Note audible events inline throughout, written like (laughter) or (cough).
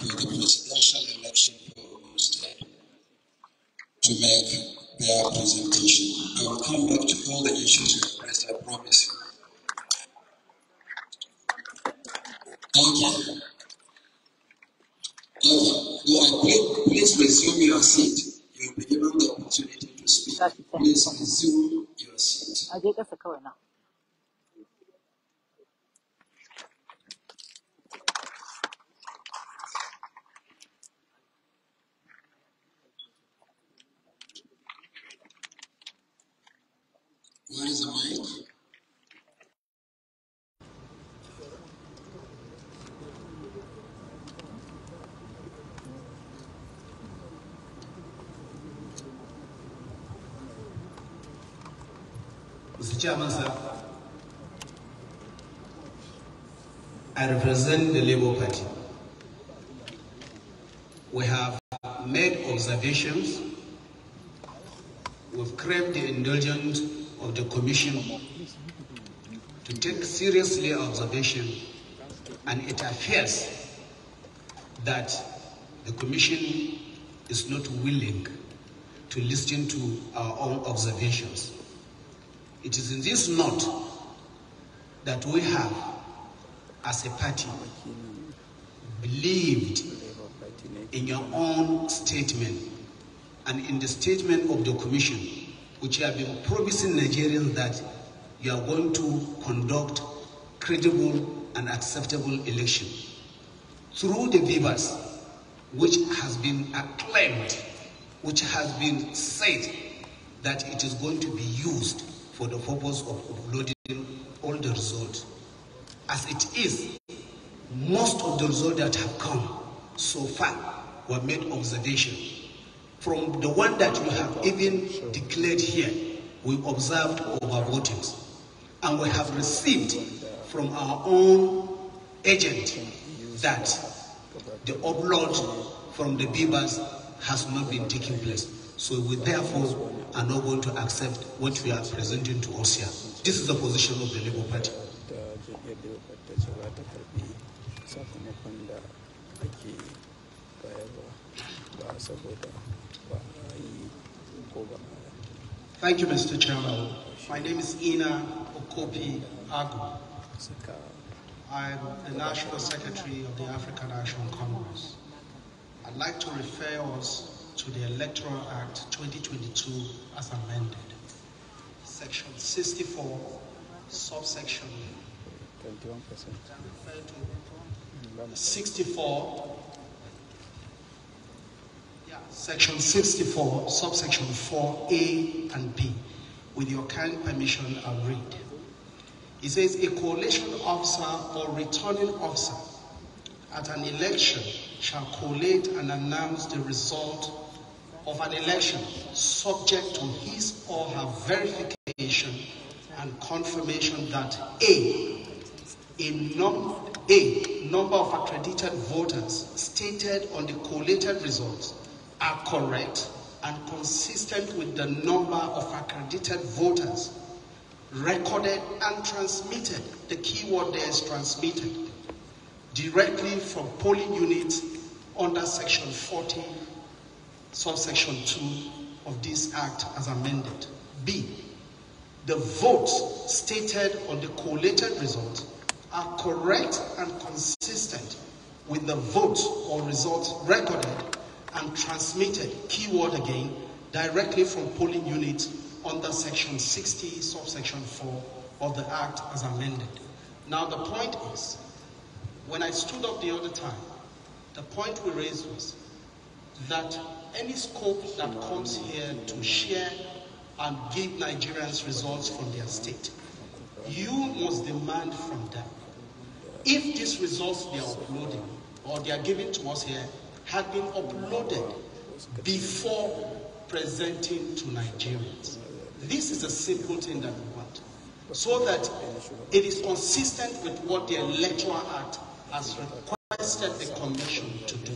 to the presidential election polls to make their presentation. I will come back to all the issues you have raised, I promise you. Thank you. Okay. Please resume your seat. You will be given the opportunity to speak. Please resume your seat. Where is the mic? Mr. Chairman, sir, I represent the Labour Party. We have made observations, we've craved the indulgence of the Commission to take seriously observation and it appears that the Commission is not willing to listen to our own observations. It is in this note that we have, as a party, believed in your own statement and in the statement of the Commission which you have been promising Nigerians that you are going to conduct credible and acceptable election through the Vivas, which has been acclaimed, which has been said that it is going to be used for the purpose of uploading all the results. As it is, most of the results that have come so far were made observation from the one that we have even declared here, we observed our votings. And we have received from our own agent that the upload from the Bibas has not been taking place. So we therefore are not going to accept what we are presenting to us here. This is the position of the Labour Party. Thank you, Mr. Chairman. My name is Ina Okopi Agu. I'm the National Secretary of the African National Congress. I'd like to refer us to the Electoral Act 2022 as amended. Section 64, subsection 21%. 64 Section 64, subsection 4A and B. With your kind permission, I'll read. It says, a collation officer or returning officer at an election shall collate and announce the result of an election subject to his or her verification and confirmation that A, a, num a number of accredited voters stated on the collated results are correct and consistent with the number of accredited voters recorded and transmitted, the key word there is transmitted, directly from polling units under section 40, subsection 2 of this act as amended. B, the votes stated on the collated result are correct and consistent with the votes or results recorded and transmitted, keyword again, directly from polling units under section 60, subsection 4 of the act as amended. Now the point is, when I stood up the other time, the point we raised was that any scope that comes here to share and give Nigerians results from their state, you must demand from them. If these results they are uploading or they are giving to us here have been uploaded before presenting to Nigerians. This is a simple thing that we want, so that it is consistent with what the Electoral Act has requested the Commission to do.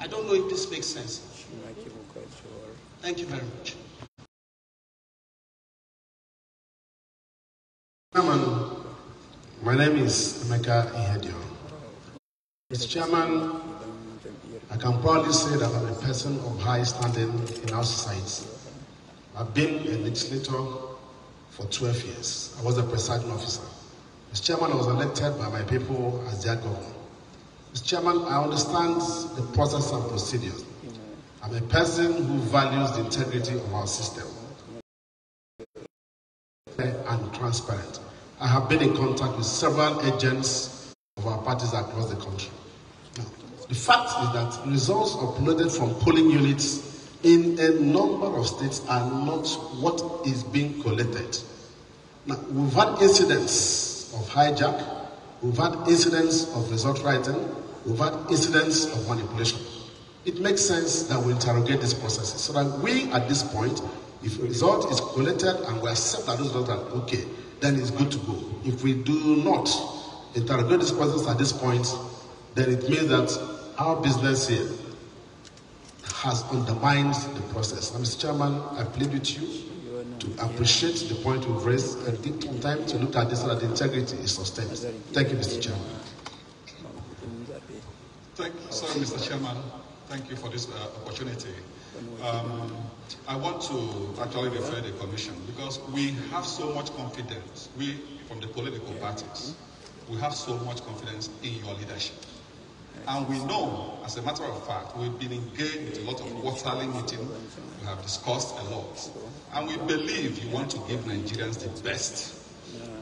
I don't know if this makes sense. Thank you very much. My name is Emeka Ihedio. Mr. Chairman, I can proudly say that I'm a person of high standing in our society. I've been a legislator for 12 years. I was a presiding officer. Mr. Chairman, I was elected by my people as their governor. Mr. Chairman, I understand the process and procedures. I'm a person who values the integrity of our system and transparent. I have been in contact with several agents of our parties across the country. Now, the fact is that results uploaded from polling units in a number of states are not what is being collected. Now, we've had incidents of hijack, we've had incidents of result writing, we've had incidents of manipulation. It makes sense that we interrogate these processes so that we, at this point, if a result is collected and we accept that those results are okay, then it's good to go. If we do not, interrogate these questions at this point, then it means that our business here has undermined the process. Mr. Chairman, I plead with you to appreciate the point we've raised and take some time to look at this so that integrity is sustained. Thank you, Mr. Chairman. Thank you, sorry, Mr. Chairman. Thank you for this uh, opportunity. Um, I want to actually refer the Commission because we have so much confidence, we from the political parties we have so much confidence in your leadership. And we know, as a matter of fact, we've been engaged with a lot of quarterly meetings. We have discussed a lot. And we believe you want to give Nigerians the best.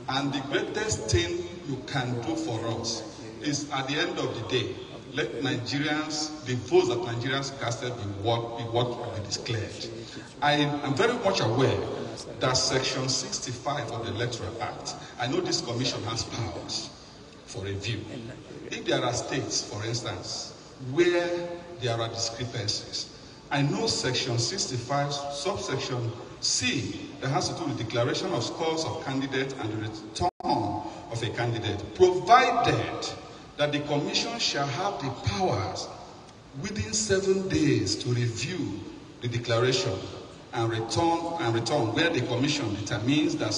And the greatest thing you can do for us is at the end of the day, let Nigerians, the votes that Nigerians casted be what, be what will be declared. I am very much aware that Section 65 of the Electoral Act, I know this commission has powers for review. If there are states, for instance, where there are discrepancies, I know Section 65, subsection C, that has to do with declaration of scores of candidates and the return of a candidate, provided that the commission shall have the powers within seven days to review the declaration and return and return where the commission determines that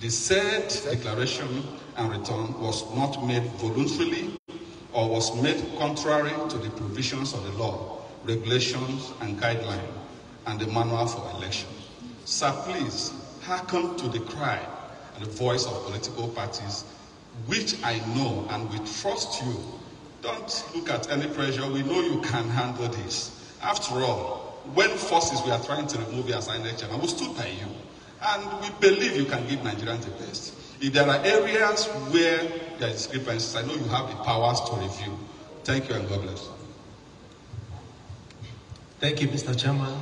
the said declaration and return was not made voluntarily or was made contrary to the provisions of the law, regulations and guideline, and the manual for election. Sir, please hearken to the cry and the voice of political parties which I know and we trust you. Don't look at any pressure. We know you can handle this. After all, when forces we are trying to remove you as an next chairman, we stood by you. And we believe you can give Nigerians the best. If there are areas where there are discrepancies, I know you have the powers to review. Thank you and God bless. Thank you, Mr. Chairman.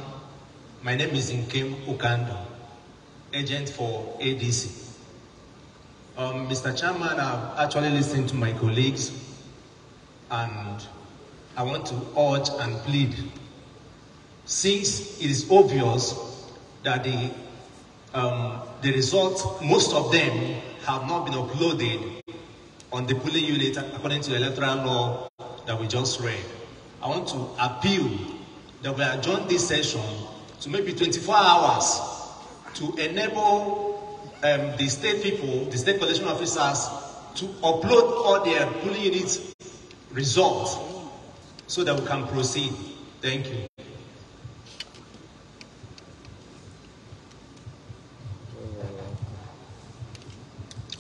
My name is Inkem Okando, agent for ADC. Um, Mr. Chairman, I've actually listened to my colleagues and I want to urge and plead. Since it is obvious that the, um, the results, most of them have not been uploaded on the polling unit according to the electoral law that we just read. I want to appeal that we adjourn this session to maybe 24 hours to enable um, the state people, the state collection officers, to upload all their polling unit results so that we can proceed. Thank you.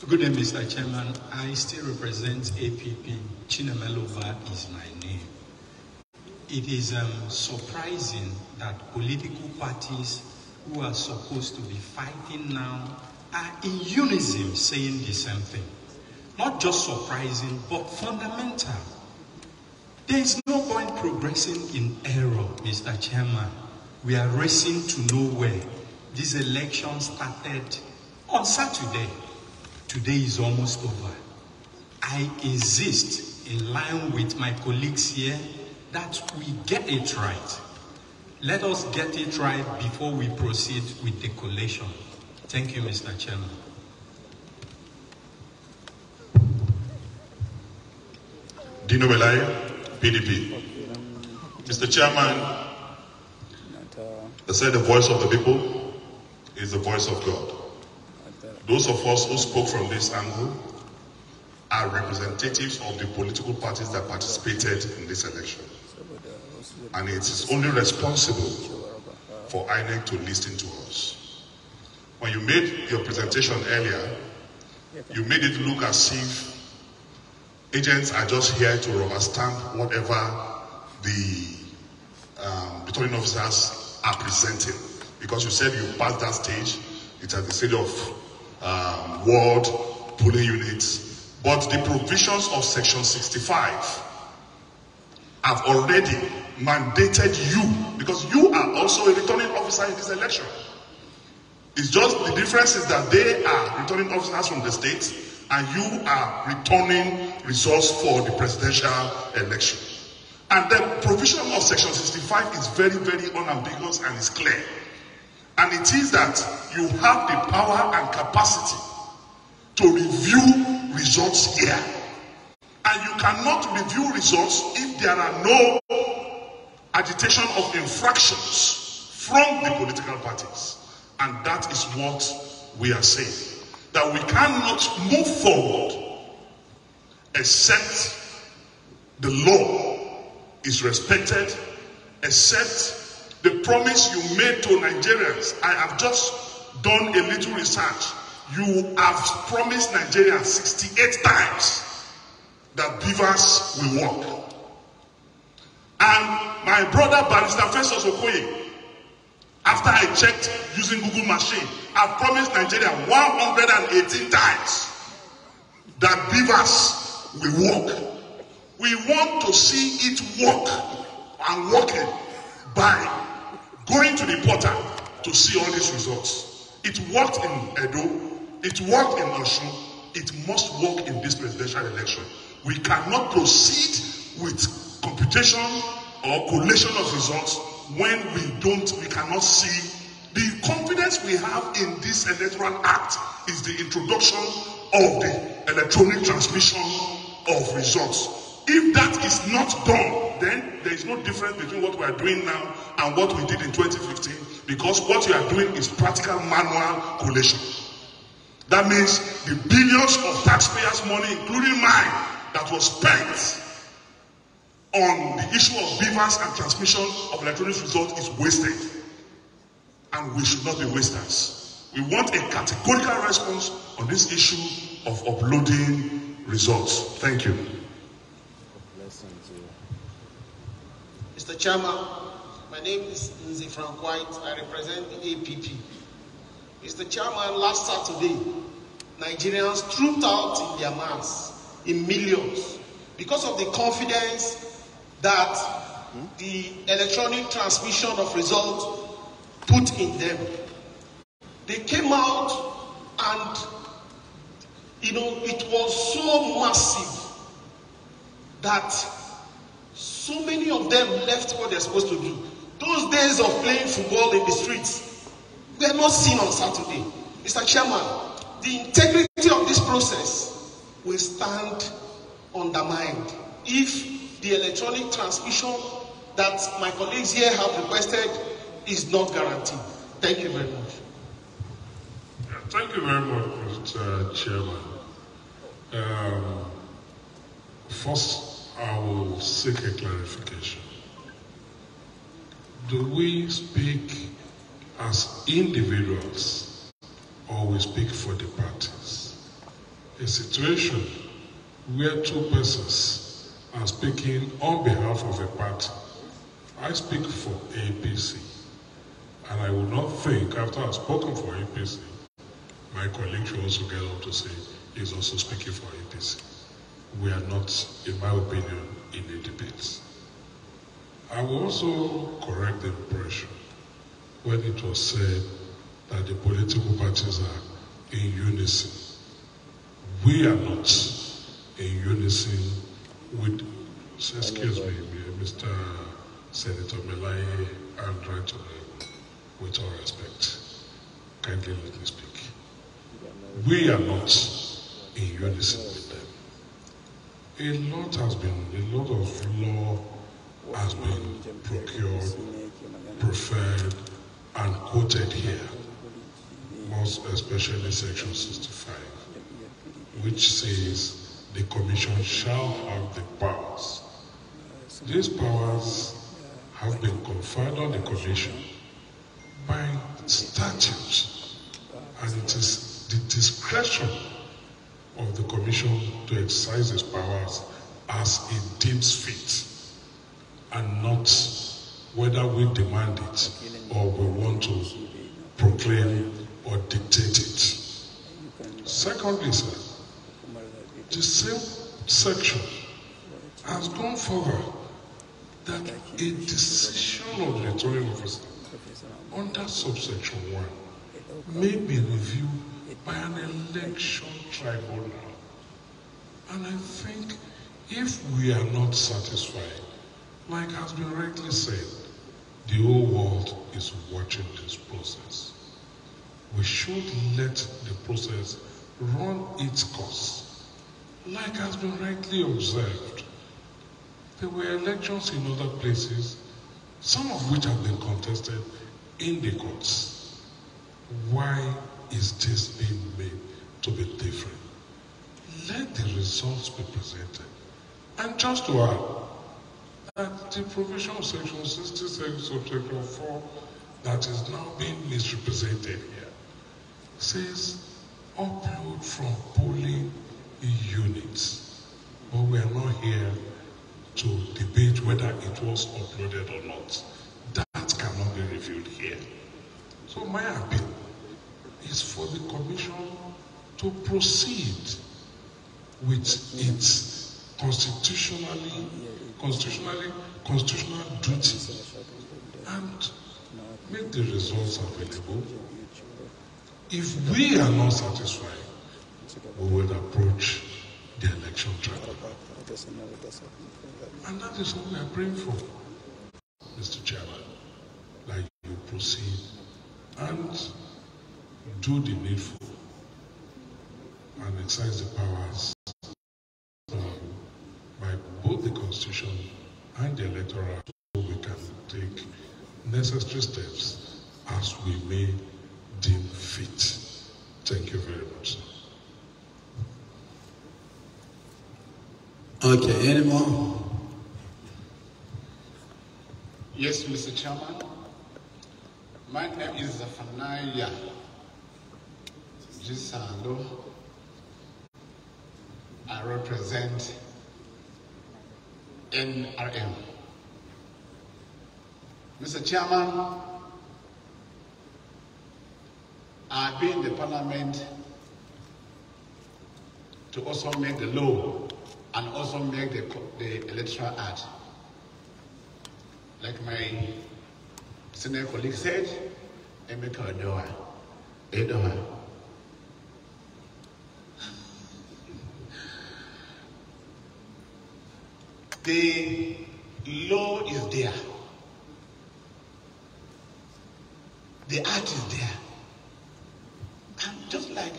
Good day, Mr. Chairman. I still represent APP. Chinameluba is my name. It is um, surprising that political parties who are supposed to be fighting now are in unison saying the same thing. Not just surprising, but fundamental. There is no point progressing in error, Mr. Chairman. We are racing to nowhere. This election started on Saturday. Today is almost over. I insist, in line with my colleagues here, that we get it right. Let us get it right before we proceed with the collation. Thank you, Mr. Chairman. Dino Belay, PDP. Mr. Chairman, I said the voice of the people is the voice of God. Those of us who spoke from this angle are representatives of the political parties that participated in this election. And it is only responsible for INEC to listen to us when you made your presentation earlier, you made it look as if agents are just here to rubber stamp whatever the um, returning officers are presenting. Because you said you passed that stage, it's at the stage of um, ward, polling units. But the provisions of Section 65 have already mandated you, because you are also a returning officer in this election. It's just the difference is that they are returning officers from the states and you are returning results for the presidential election. And the provision of Section 65 is very, very unambiguous and is clear. And it is that you have the power and capacity to review results here. And you cannot review results if there are no agitation of infractions from the political parties. And that is what we are saying. That we cannot move forward except the law is respected, except the promise you made to Nigerians. I have just done a little research. You have promised Nigerians 68 times that beavers will work. And my brother, Barrister Festus Okoye, After I checked using Google machine, I promised Nigeria 118 times that beavers will work. We want to see it work and working by going to the portal to see all these results. It worked in Edo, it worked in Osun, it must work in this presidential election. We cannot proceed with computation or collation of results when we don't, we cannot see. The confidence we have in this electoral act is the introduction of the electronic transmission of results. If that is not done, then there is no difference between what we are doing now and what we did in 2015 because what you are doing is practical manual collation. That means the billions of taxpayers' money, including mine, that was spent on the issue of beavers and transmission of electronic results is wasted. And we should not be wasters. We want a categorical response on this issue of uploading results. Thank you. Mr. Chairman, my name is Nzi Frank White. I represent the APP. Mr. Chairman, last Saturday, Nigerians trooped out in their mass in millions because of the confidence that hmm? the electronic transmission of results put in them. They came out and, you know, it was so massive that so many of them left what they're supposed to do. Those days of playing football in the streets were not seen on Saturday. Mr. Chairman, the integrity of this process will stand undermined if the electronic transmission that my colleagues here have requested is not guaranteed. Thank you very much. Yeah, thank you very much, Mr. Chairman. Um, first, I will seek a clarification. Do we speak as individuals or we speak for the parties? A situation where two persons I'm speaking on behalf of a party. I speak for APC. And I would not think, after I've spoken for APC, my colleague should also get up to say he's also speaking for APC. We are not, in my opinion, in a I will also correct the impression when it was said that the political parties are in unison. We are not in unison would, excuse me, Mr. Senator Melai Andrade, with all respect, kindly let me speak. We are not in unison with them. A lot has been, a lot of law has been procured, preferred, and quoted here, most especially Section 65, which says the Commission shall have the powers. These powers have been conferred on the Commission by statutes, and it is the discretion of the Commission to exercise its powers as it deems fit, and not whether we demand it or we want to proclaim or dictate it. Secondly, sir, the same section has gone further that a decision of the electoral officer under subsection 1 may be reviewed by an election tribunal. And I think if we are not satisfied, like has been rightly said, the whole world is watching this process. We should let the process run its course like has been rightly observed, there were elections in other places, some of which have been contested in the courts. Why is this being made to be different? Let the results be presented. And just to add, that the provision of section 66, subsection 4, that is now being misrepresented here, says upload from polling units. But we are not here to debate whether it was uploaded or not. That cannot be revealed here. So my appeal is for the Commission to proceed with its constitutionally, constitutionally, constitutional duty and make the results available. If we are not satisfied, who will approach the election track. And that is what we are praying for, Mr. Chairman, that you proceed and do the needful and exercise the powers um, by both the Constitution and the electoral so we can take necessary steps as we may deem fit. Thank you very much, sir. Okay, any more? Yes, Mr. Chairman. My name is Zafanaya Gisalo. I represent NRM. Mr. Chairman, I've been in the parliament to also make the law and also make the, the electoral act. Like my senior colleague said, Emeka Odoa, Edoa. (laughs) The law is there. The art is there. And just like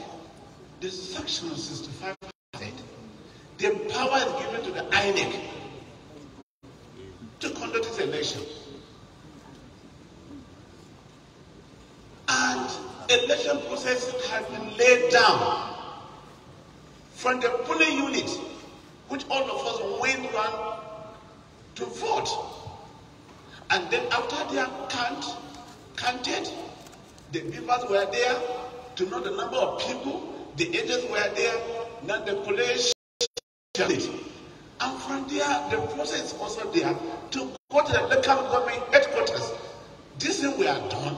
the section 65. The power is given to the INEC to conduct the election. And election process has been laid down from the polling unit, which all of us went round to vote. And then after they are count, counted, the members were there to know the number of people, the agents were there, not the police and from there, the process is also there to go to the local government headquarters. This thing we are done,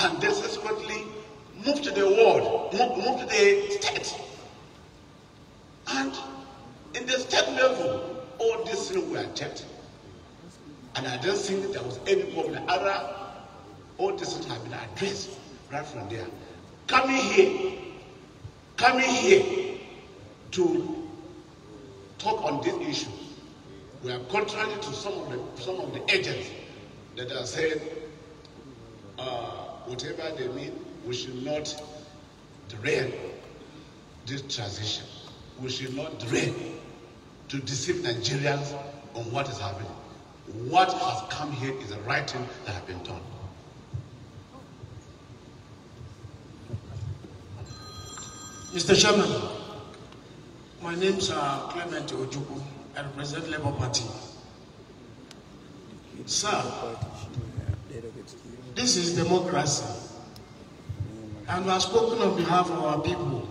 and then subsequently move to the world, move, move to the state. And in the state level, all these things were checked. And I don't think there was any problem. Other, all this things have been addressed right from there. Coming here, coming here, to talk on these issues. We are contrary to some of the, some of the agents that are saying uh, whatever they mean, we should not derail this transition. We should not derail to deceive Nigerians on what is happening. What has come here is the writing that has been done. Mr. Chairman, My name is uh, Clement Ojuku. I represent Labour Party. Sir, this is democracy. And we have spoken on behalf of our people.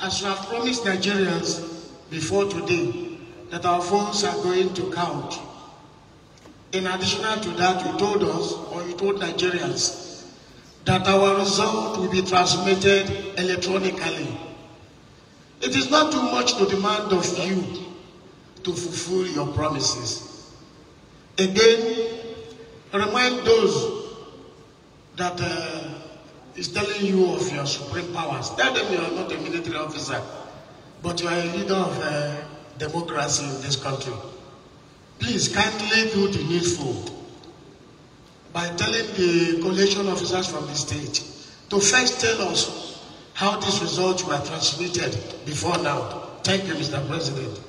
As we have promised Nigerians before today that our phones are going to count. In addition to that, you told us, or you told Nigerians, that our result will be transmitted electronically. It is not too much to demand of you to fulfill your promises. Again, remind those that uh, is telling you of your supreme powers. Tell them you are not a military officer, but you are a leader of uh, democracy in this country. Please kindly do the needful by telling the collation officers from the state to first tell us how these results were transmitted before now. Thank you, Mr. President.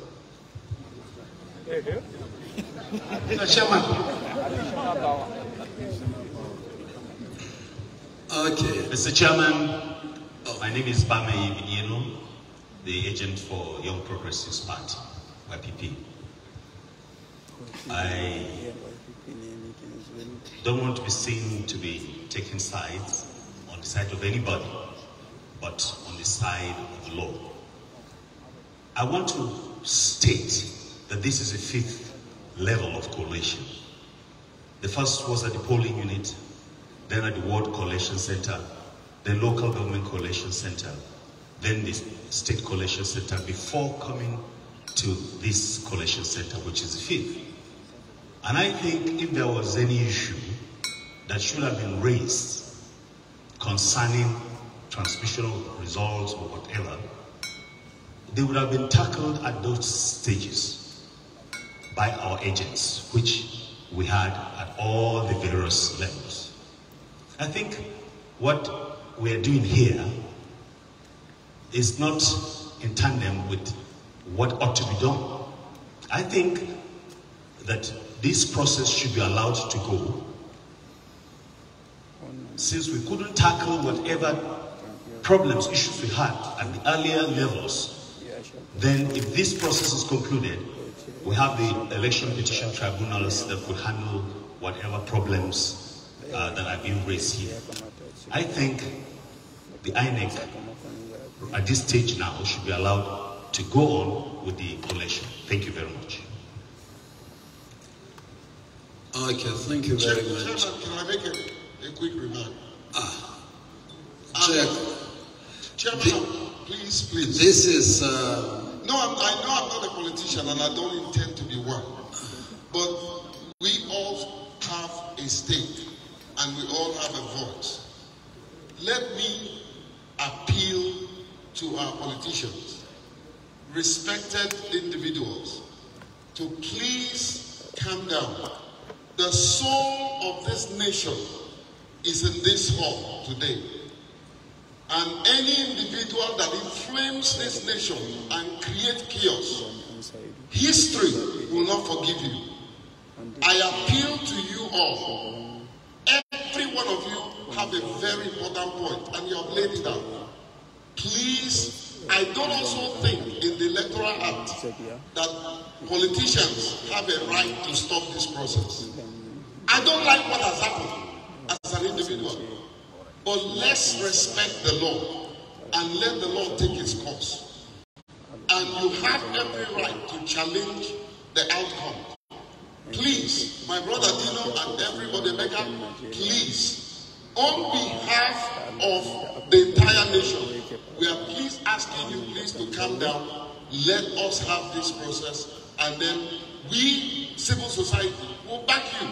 Mr. Chairman. Okay, Mr. Chairman, oh, my name is Bame Ibinieno, the agent for Young Progressive Party, YPP. I don't want to be seen to be taking sides on the side of anybody but on the side of the law. I want to state that this is a fifth level of coalition. The first was at the polling unit, then at the ward coalition center, then local government coalition center, then the state coalition center before coming to this coalition center, which is the fifth. And I think if there was any issue that should have been raised concerning transmissional results or whatever, they would have been tackled at those stages by our agents, which we had at all the various levels. I think what we're doing here is not in tandem with what ought to be done. I think that this process should be allowed to go since we couldn't tackle whatever problems, issues we had at the earlier levels, then if this process is concluded, we have the election petition tribunals that could handle whatever problems uh, that are being raised here. I think the INEC at this stage now should be allowed to go on with the election. Thank you very much. Okay, thank you very much. Chairman, can I make a, a quick remark? Ah, Jack. Um, Chairman, please, please. This is. Uh, no, I'm, i know I'm not a politician and I don't intend to be one. But we all have a stake and we all have a voice. Let me appeal to our politicians, respected individuals, to please calm down. The soul of this nation is in this hall today. and any individual that inflames this nation and create chaos, history will not forgive you. I appeal to you all. Every one of you have a very important point, and you have laid it out. Please, I don't also think in the Electoral Act that politicians have a right to stop this process. I don't like what has happened as an individual. But let's respect the law and let the law take its course. And you have every right to challenge the outcome. Please, my brother Dino and everybody, Becca, please, on behalf of the entire nation, we are please asking you please to calm down. Let us have this process, and then we, civil society, will back you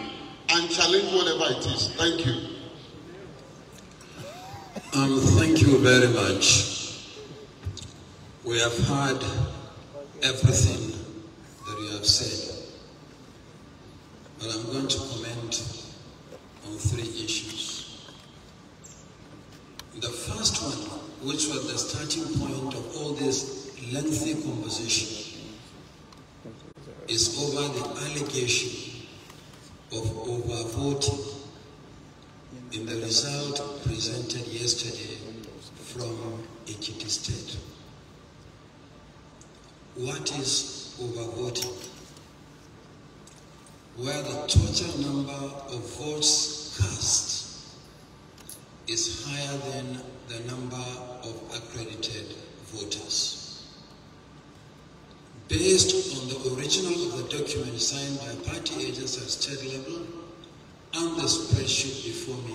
and challenge whatever it is. Thank you. Um, thank you very much. We have heard everything that you have said, but I'm going to comment on three issues. The first one, which was the starting point of all this lengthy conversation, is over the allegation of overvoting in the result presented yesterday from Ekiti State. What is overvoting? Where the total number of votes cast is higher than the number of accredited voters. Based on the original of the document signed by party agents at state level, under the spreadsheet before me,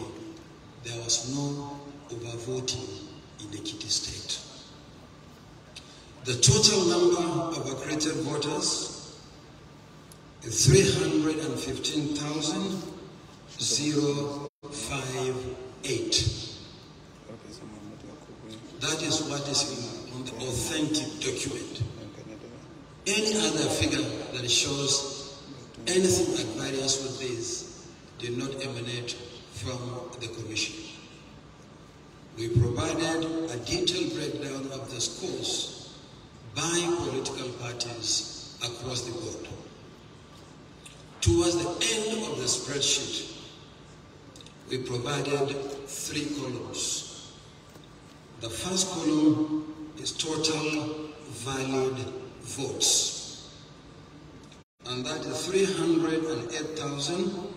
there was no overvoting in the Kitty State. The total number of accredited voters is 315,058. That is what is in, on the authentic document. Any other figure that shows anything at variance with this did not emanate from the Commission. We provided a detailed breakdown of the scores by political parties across the board. Towards the end of the spreadsheet, we provided three columns. The first column is total valid votes, and that is 308,000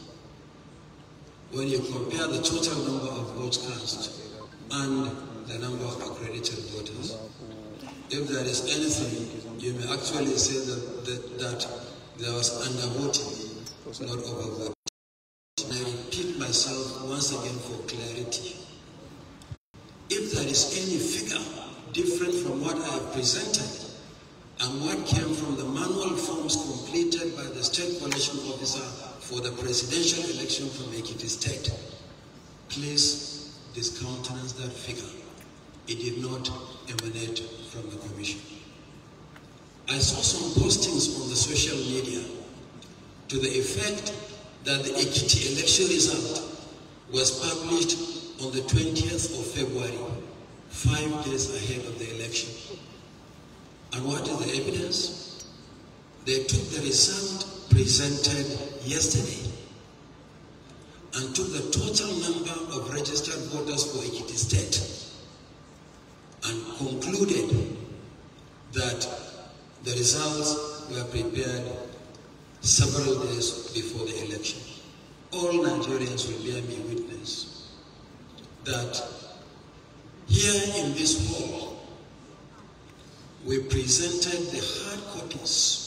when you compare the total number of votes cast and the number of accredited voters. If there is anything, you may actually say that, that, that there was undervoting, not overvoting. I repeat myself once again for clarity. If there is any figure different from what I have presented, and what came from the manual forms completed by the state election officer for the presidential election from Ekiti State, please discountenance that figure. It did not emanate from the commission. I saw some postings on the social media to the effect that the Ekiti election result was published on the 20th of February, five days ahead of the election. And what is the evidence? They took the result presented yesterday and took the total number of registered voters for each State and concluded that the results were prepared several days before the election. All Nigerians will bear me witness that here in this hall, we presented the hard copies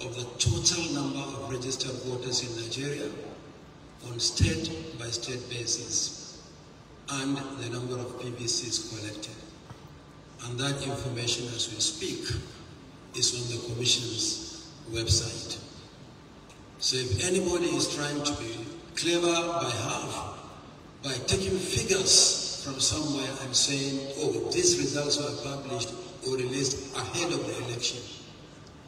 of the total number of registered voters in Nigeria on state by state basis and the number of PVCs collected. And that information as we speak is on the Commission's website. So if anybody is trying to be clever by half, by taking figures from somewhere and saying, oh, these results were published or released ahead of the election,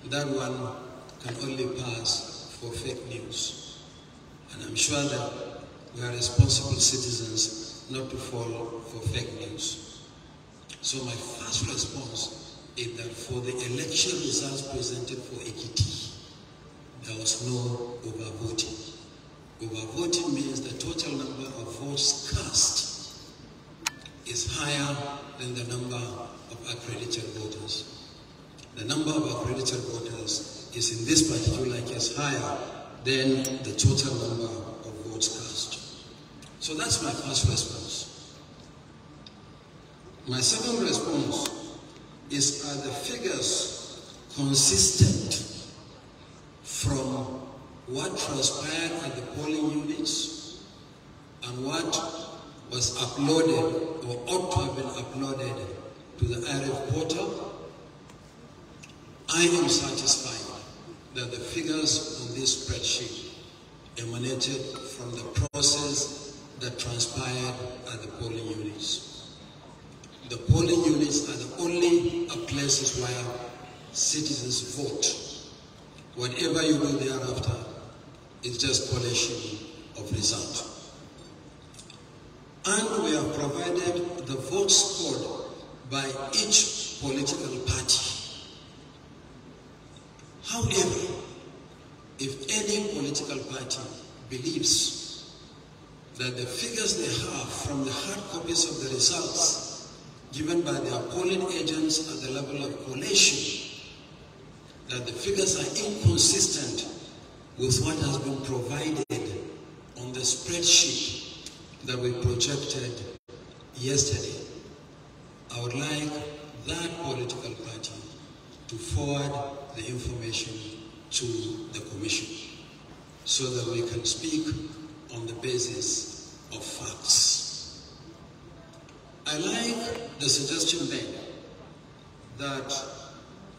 that one can only pass for fake news. And I'm sure that we are responsible citizens not to fall for fake news. So my first response is that for the election results presented for Ekiti, there was no overvoting. Overvoting means the total number of votes cast is higher than the number of accredited voters. The number of accredited voters is in this particular case higher than the total number of votes cast. So that's my first response. My second response is are the figures consistent from what transpired at the polling units and what was uploaded or ought to have been uploaded to the IRF portal, I am satisfied that the figures on this spreadsheet emanated from the process that transpired at the polling units. The polling units are the only places where citizens vote. Whatever you do thereafter is just collation of result. And we have provided the vote scored by each political party However, if any political party believes that the figures they have from the hard copies of the results given by their polling agents at the level of collation, that the figures are inconsistent with what has been provided on the spreadsheet that we projected yesterday. I would like that political party to forward the information to the Commission so that we can speak on the basis of facts. I like the suggestion made that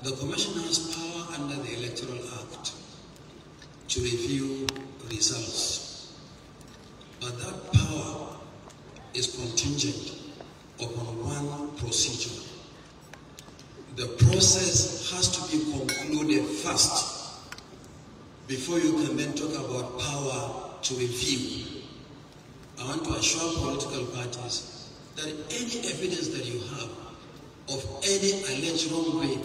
the Commission has power under the Electoral Act to review results, but that power is contingent upon one procedure the process has to be concluded first before you can then talk about power to review. I want to assure political parties that any evidence that you have of any alleged wrongdoing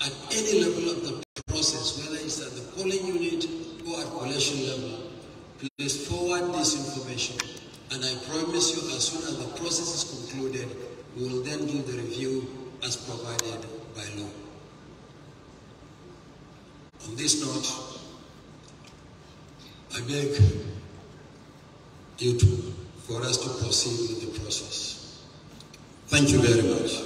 at any level of the process, whether it's at the polling unit or at coalition level, please forward this information. And I promise you, as soon as the process is concluded, we will then do the review as provided by law. On this note, I beg you to, for us to proceed with the process. Thank you very much.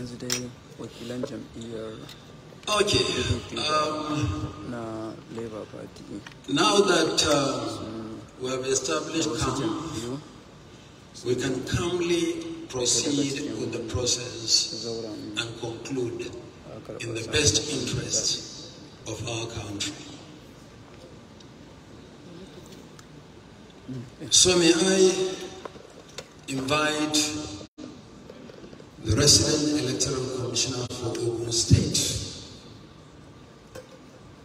yanzu dai wakilan jam'iyyar okay um, um now that uh, we have established calm, we can calmly proceed with the process and conclude in the best interest of our country. So may I invite the resident electoral commissioner for Ogun State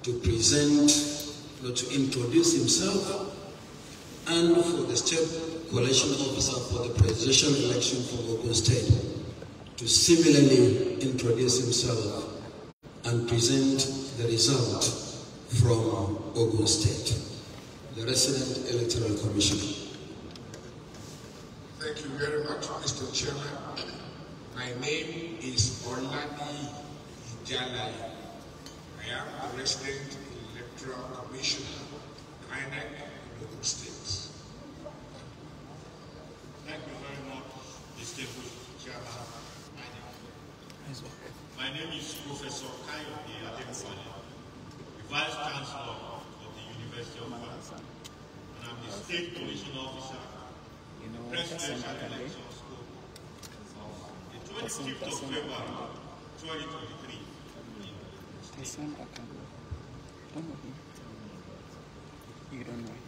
to present, or to introduce himself and for the state coalition officer for the presidential election for Ogun State to similarly introduce himself and present the result from Ogun State, the resident electoral commissioner. Thank you very much, Mr. Chairman. My name is Olani Ijalai. I am the resident electoral commissioner, My name is Professor Kayode Adekwale, Vice Chancellor of the University of Ghana, and I'm the State Commission Officer, you know, Presidential Election School the 25th of February 2023 in You don't know him.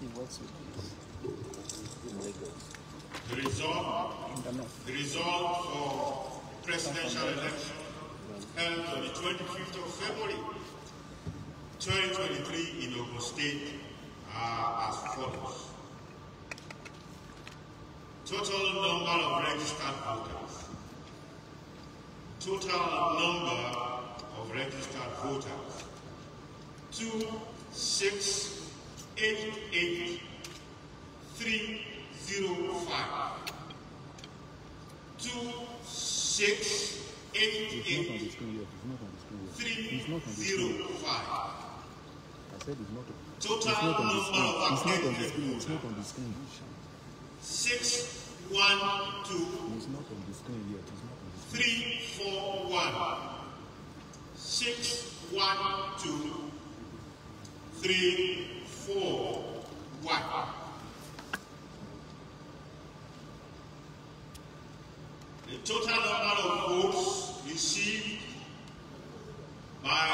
He works with this. The result, the result for presidential election held on the 25th of February 2023 in Ogun State are as follows. Total number of registered voters. Total number of registered voters. 2688 Three zero five two six eight eight three zero five. Total number of applicants. It's not on the screen. Six one two. It's not on the screen yet. It's not on Three four one. Six one two. Three four one. The total number of votes received by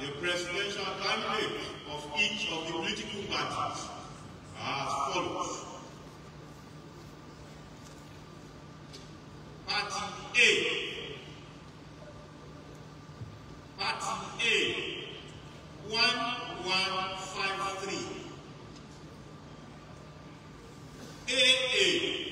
the presidential candidate of each of the political parties are as follows. Party A. Party A. one one five 1153. AA.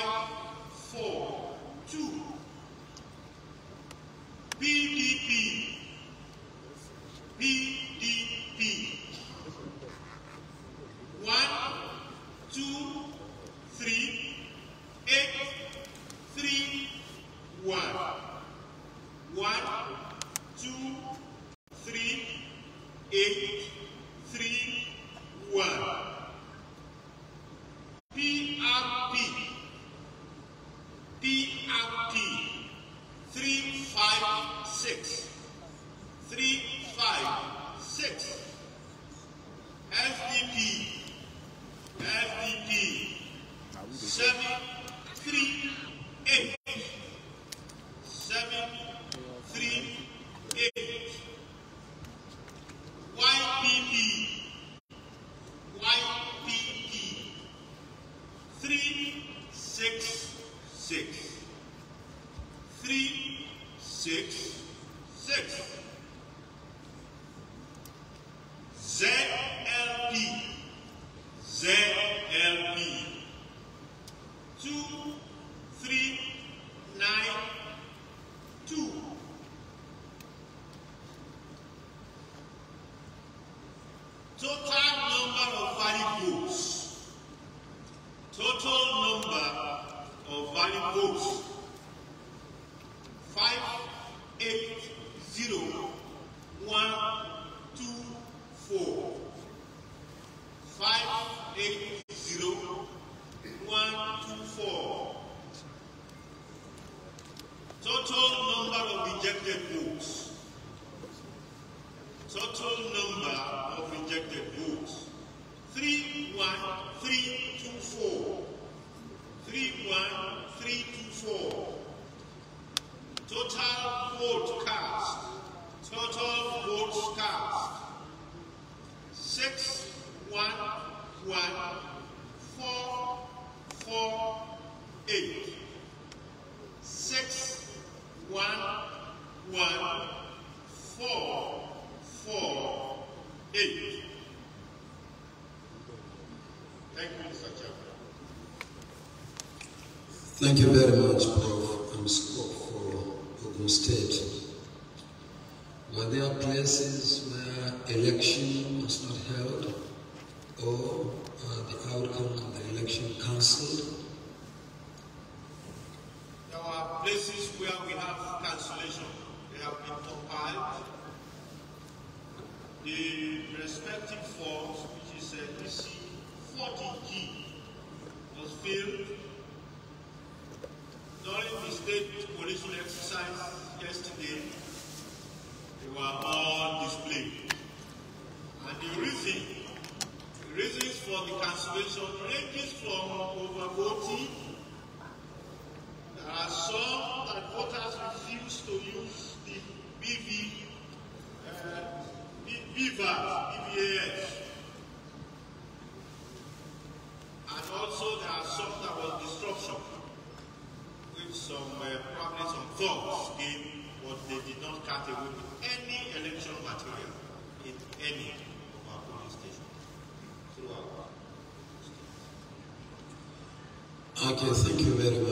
Power 4, 2. PDP. PDP. Okay, thank you very much.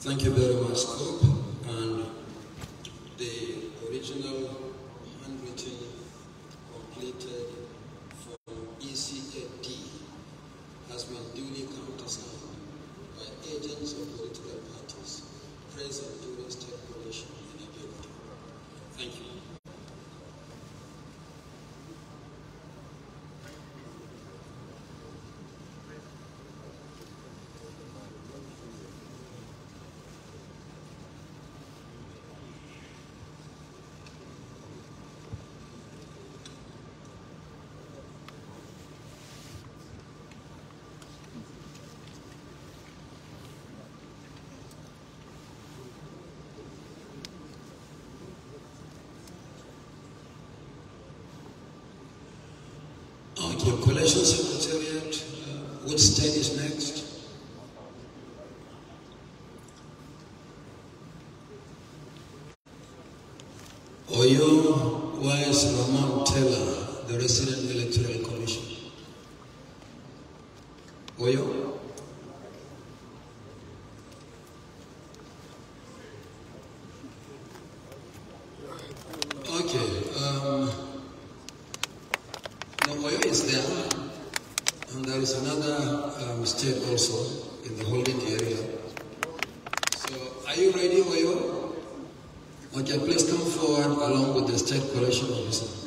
Thank you very much, Cope. And the original handwritten completed form ECAD has been duly countersigned by agents of political parties present National Secretariat, uh, what state is next? Oyo was Ramon Taylor, the resident electoral commission. Oyo. Okay. Um, no, Oyo is there there is another uh, state also in the holding area. So, are you ready, Oyo? Okay, please come forward along with the state collection officer.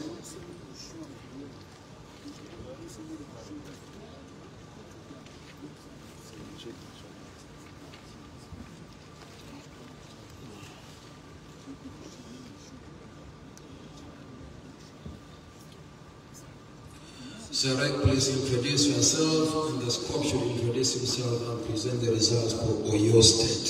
Υπότιτλοι AUTHORWAVE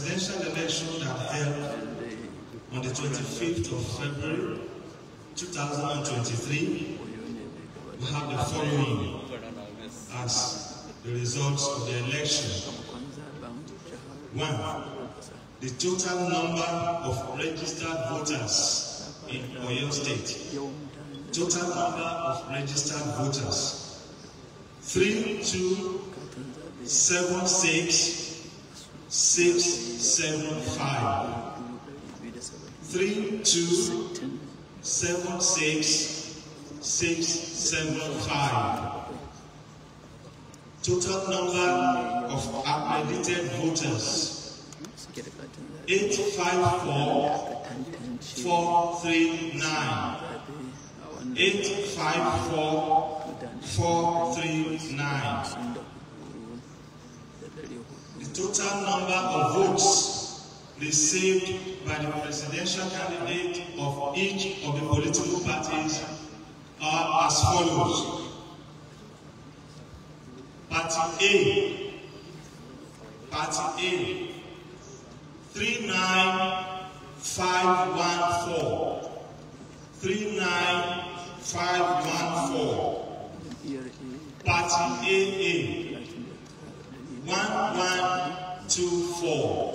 presidential election that held on the 25th of February 2023, we have the following as the results of the election. One, the total number of registered voters in Oyo State. Total number of registered voters. 3276 six, seven, five. Three, two, seven, six, six, seven, five. Total number of accredited voters. Eight, five, four, four, three, nine. Eight, five, four, four, three, nine. the total number of votes received by the presidential candidate of each of the political parties are as follows. Party A, Party A, 39514, 39514, Party AA, one one two four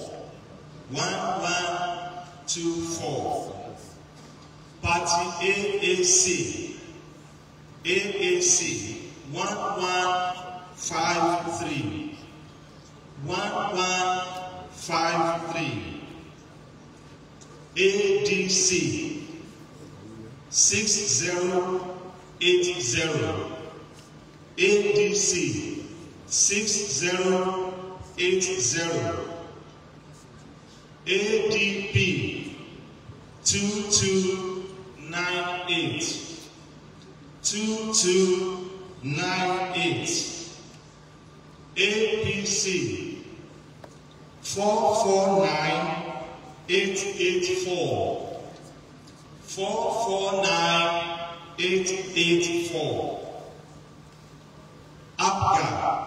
one one two four party AAC AAC one one five three one one five three ADC six zero eight zero ADC six zero eight zero ADP two two nine eight two two nine eight APC four four nine eight eight four four four nine eight eight four APGA.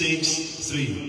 six, three.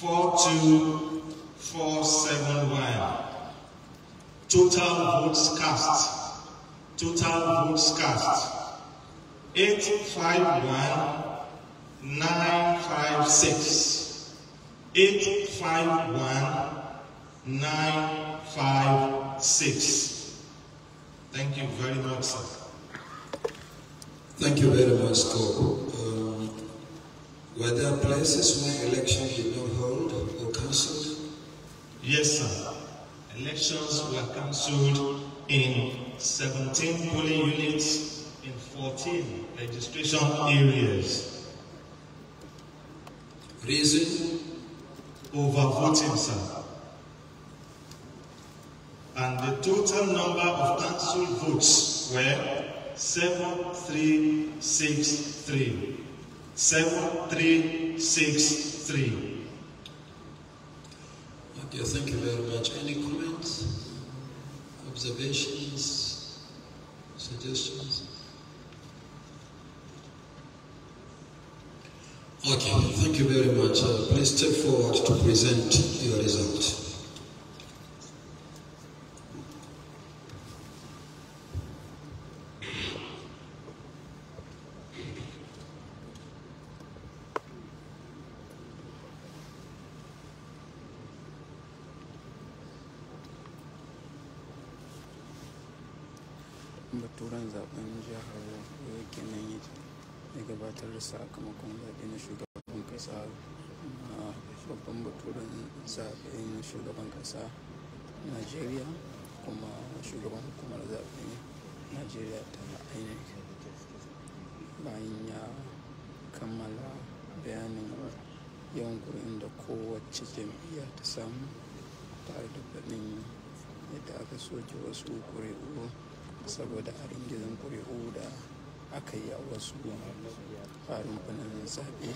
42471. Total votes cast. Total votes cast. 851956. 851956. Thank you very much, sir. Thank you very much, Corporal. Were there places where elections did not hold or cancelled? Yes, sir. Elections were cancelled in 17 polling units in 14 registration areas. Reason? Overvoting, sir. And the total number of cancelled votes were 7363. 7363. Okay, thank you very much. Any comments, observations, suggestions? Okay, thank you very much. Uh, please step forward to present your result. kan zaben jihar yake nan ya gabatar da sakamakon zaɓe na shugaban ƙasa na babban zaɓe zaɓen shugaban ƙasa najeriya kuma shugaban hukumar zaɓen najeriya ta inec bayan ya kammala bayanin yawan gurin da kowace jam'iyya ta samu tare da faɗin yadda aka soke wasu kuri'u saboda a gidan kuri'u da aka yi a wasu rumfunan zaɓe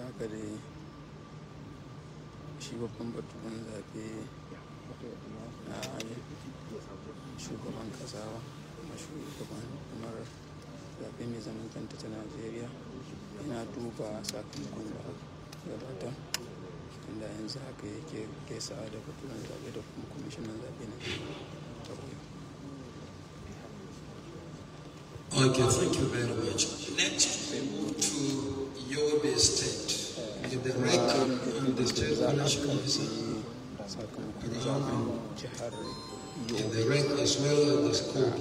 haka dai shi babban batun zaɓe na shugaban ƙasa kuma shugaban hukumar zaɓe mai zaman kanta ta najeriya yana duba sakamakon da gabata na Okay, thank you very much. Let's move to your State. the record in the state national officer, the record as well as the scope.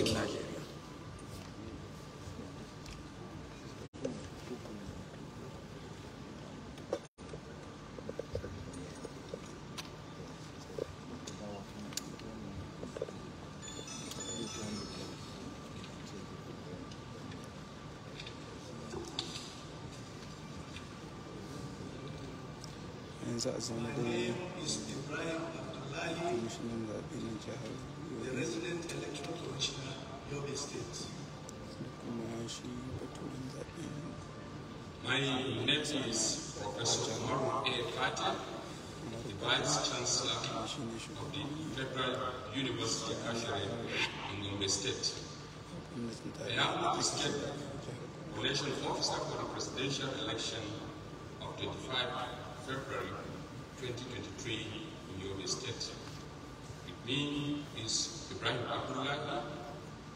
Okay. isa azumi da kwamishinan zaɓe na jihar yobe da kuma shi baturin zaɓe My name is Professor Maru A. Fati, the Vice Chancellor of the Federal University of Kashere in Gombe State. I am the State Election Officer for the Presidential Election of 25 February 2023 in Yobe State. With me is Ibrahim Abdullahi,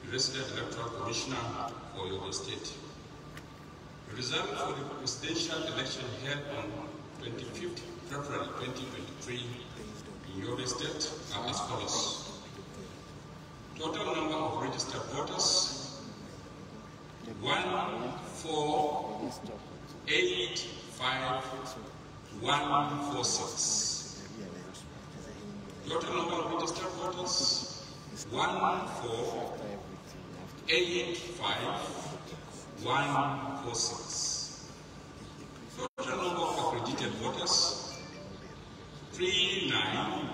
the resident electoral commissioner for Yobe State. The result for the presidential election held on 25th February 2023 in Yobe State are as follows. Total number of registered voters, 1, 4, 8, 5, one forces. Total number of registered voters, one four eight five one four six. Total number of accredited voters, three nine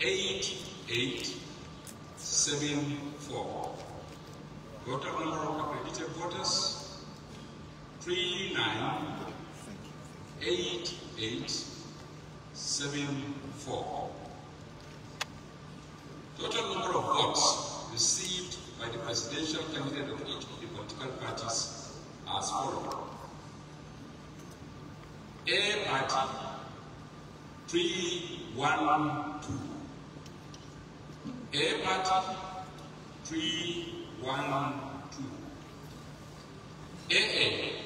eight eight seven four. Total number of accredited voters, three nine 8874. Total number of votes received by the presidential candidate of each of the political parties as follows. A party 312. A party 312. AA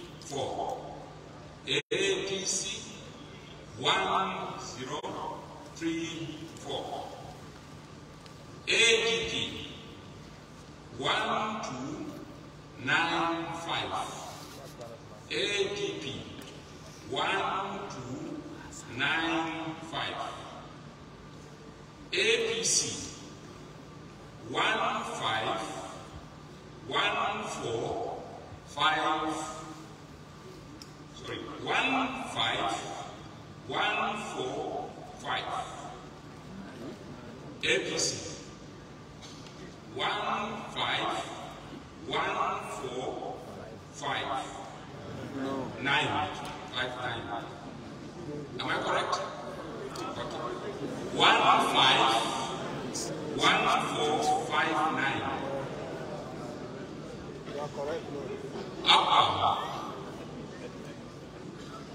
four. ABC one zero three four. ADD one two nine five. ADP one two nine five. P C one one five one four five one five one four five. APC one five one four five nine five nine. Am I correct? One five one four five nine. You are correct. Up, up.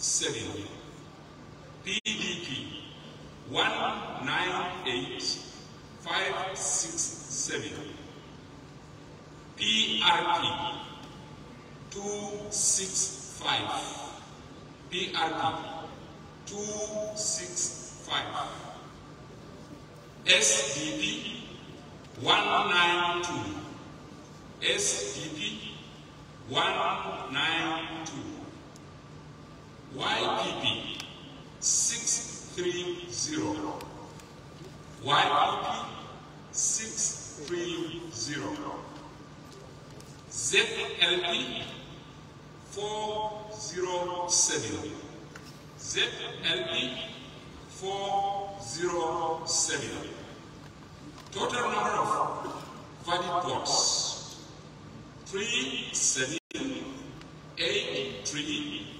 seven. PDP one nine eight five six seven. PRP two six five. PRP two six five. SDP one nine two. SDP one nine two. YPP 630. YPP 630. ZLP 407. ZLP 407. Total number of valid votes 378. 3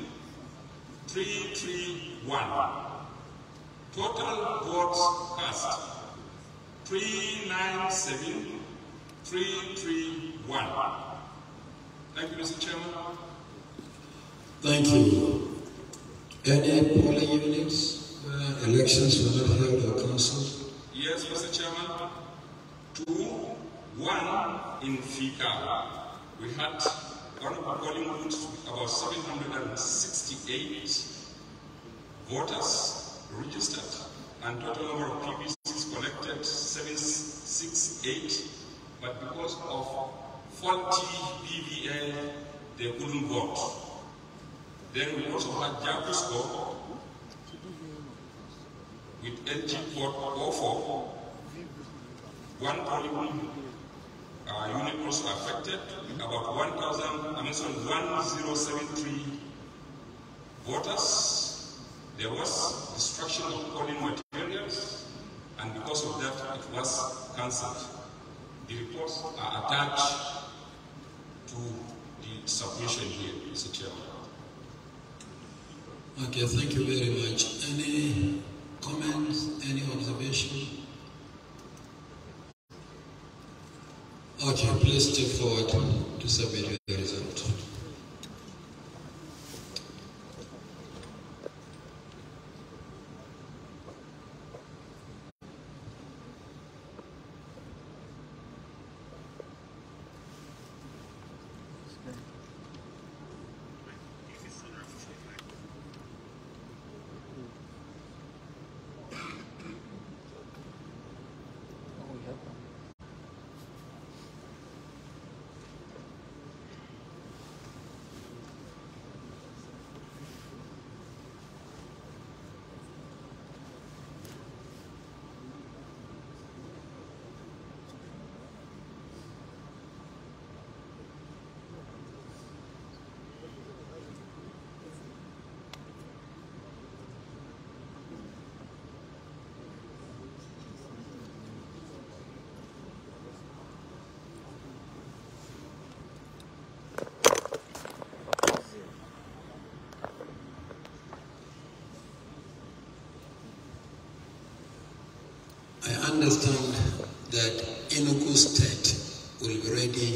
331. Total votes cast 397 331. Thank you, Mr. Chairman. Thank you. Any polling units? Uh, elections were not held or cancelled? Yes, Mr. Chairman. Two, one in Fika. We had Parliament about 768 voters registered and total number of PVCs collected 768 but because of 40 BVA they couldn't vote. Then we also had score with LG port 04, one our unit also affected, about 1,000, I mean, 1,073 voters. There was destruction of polling materials, and because of that, it was cancelled. The reports are attached to the submission here, Mr. Chairman. Okay, thank you very much. Any comments, any observations? Okay, please step forward to submit your result. understand that Enugu State will be ready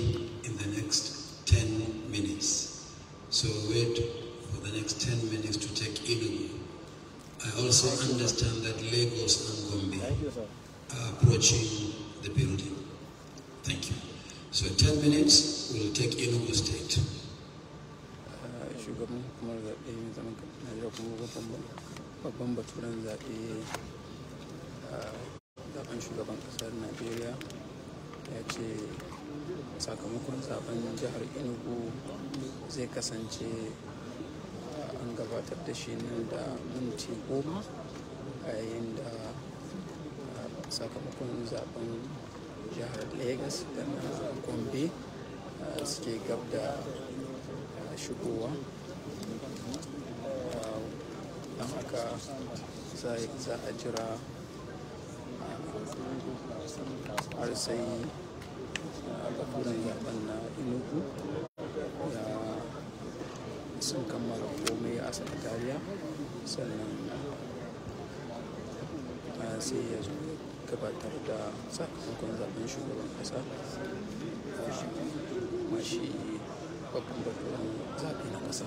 in the next 10 minutes. So wait for the next 10 minutes to take Enugu. I also understand that Lagos and Gombe are approaching the building. Thank you. So 10 minutes will take Enugu State. Uh, zaben shugaban kasar najeriya ya ce sakamakon zaben jihar enugu zai kasance an gabatar da shi nan da minti goma a yayin da sakamakon zaben jihar lagos da na gombe suke gab da shigowa don haka za a jira har sai gafunan eh, yaban na inugu ya sun kammala komai a sanitariya sannan eh, sai ya zo gabatar da sakamakon zaben shugaban kasa mashi babban batun zaɓe na kasa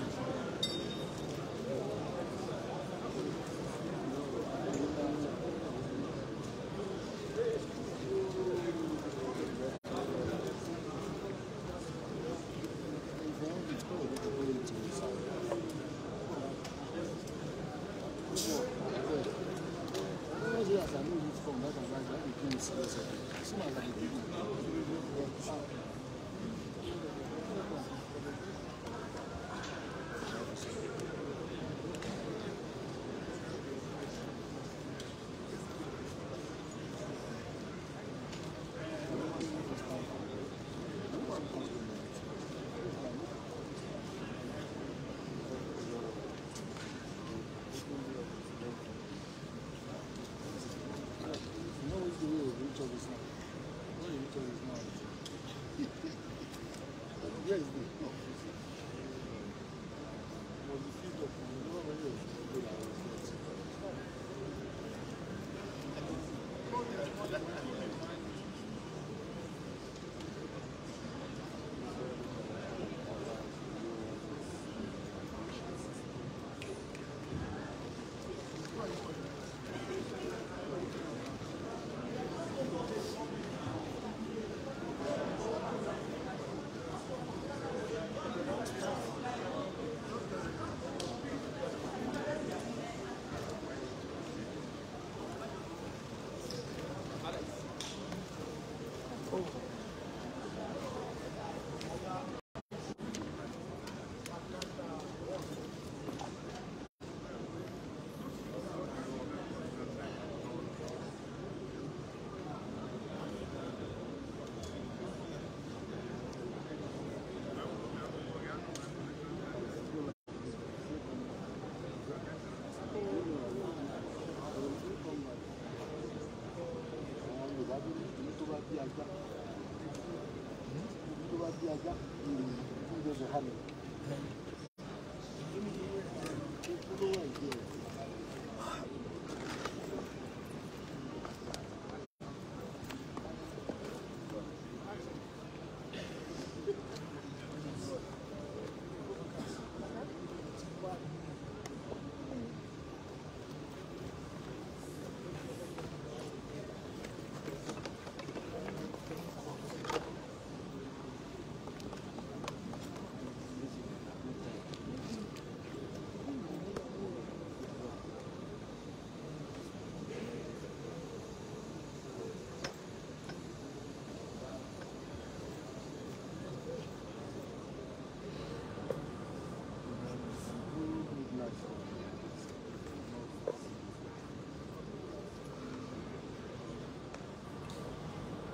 大家，嗯，都是好的。